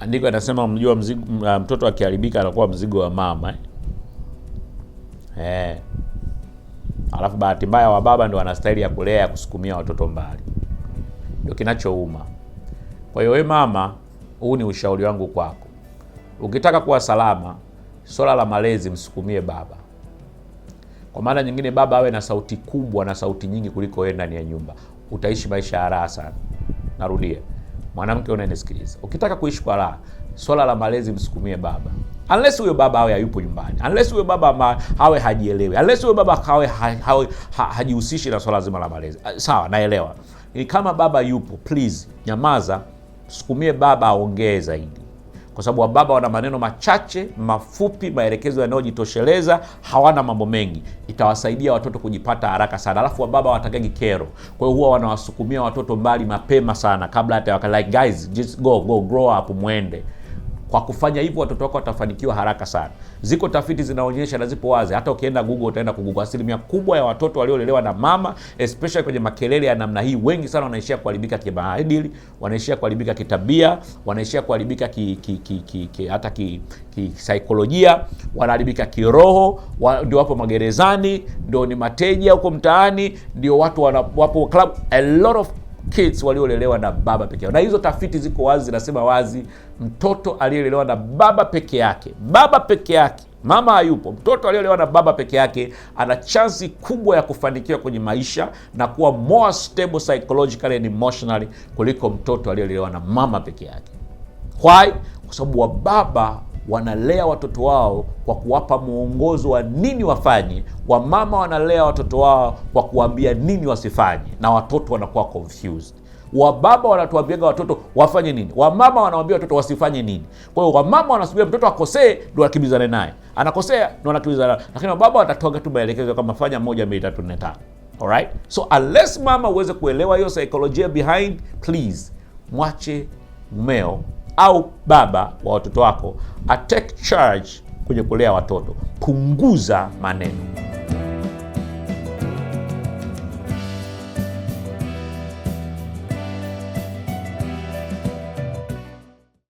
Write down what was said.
Andiko anasema mjua mzigo, uh, mtoto akiharibika anakuwa mzigo wa mama eh? eh. Alafu bahati mbaya wa baba ndio ana staili ya kulea ya kusukumia watoto mbali, ndio kinachouma. Kwa hiyo we mama, huu ni ushauri wangu kwako, ukitaka kuwa salama, swala la malezi msukumie baba. Kwa maana nyingine, baba awe na sauti kubwa na sauti nyingi kuliko wewe ndani ya nyumba, utaishi maisha ya raha sana. Narudia. Mwanamke unanisikiliza, ukitaka kuishi kwa raha, swala la malezi msukumie baba, unless huyo baba awe hayupo nyumbani, unless huyo baba ama, awe hajielewi, unless huyo baba kawe hajihusishi ha, hajihusishi na swala zima la malezi. Ah, sawa, naelewa. Kama baba yupo, please nyamaza, msukumie baba aongee zaidi kwa sababu wababa wana maneno machache mafupi, maelekezo yanayojitosheleza, hawana mambo mengi. Itawasaidia watoto kujipata haraka sana, alafu wababa watagagi kero. Kwa hiyo huwa wanawasukumia watoto mbali mapema sana, kabla hata waka like guys just go go grow up, mwende kwa kufanya hivyo watoto wako watafanikiwa haraka sana. Ziko tafiti zinaonyesha na zipo wazi, hata ukienda Google utaenda kugugua, asilimia kubwa ya watoto waliolelewa na mama especially kwenye makelele ya namna hii, wengi sana wanaishia kuharibika kimaadili, wanaishia kuharibika kitabia, wanaishia kuharibika ki, ki, ki, ki, ki, hata ki saikolojia, wanaharibika kiroho, wa, ndio wapo magerezani, ndio ni mateja huko mtaani, ndio watu wapo club a lot of kids waliolelewa na baba peke yao, na hizo tafiti ziko wazi, zinasema wazi, mtoto aliyelelewa na baba peke yake, baba peke yake, mama hayupo, mtoto aliyelelewa na baba peke yake ana chansi kubwa ya kufanikiwa kwenye maisha na kuwa more stable psychologically and emotionally kuliko mtoto aliyelelewa na mama peke yake. Why? Kwa sababu wababa wanalea watoto wao kwa kuwapa mwongozo wa nini wafanye, wamama wanalea watoto wao kwa kuambia nini wasifanye, na watoto wanakuwa confused. Wababa wanatuambiaga watoto wafanye nini, wamama wanawambia watoto wasifanye nini. Kwa hiyo wamama wanasubiri mtoto akosee ndo wakimbizane naye, anakosea ndo wanakimbizana, lakini wababa watatoaga tu maelekezo kama fanya moja, mbili, tatu, nne, tano. Alright, so unless mama uweze kuelewa hiyo psychology behind, please mwache mumeo au baba wa watoto wako a take charge kwenye kulea watoto. Punguza maneno.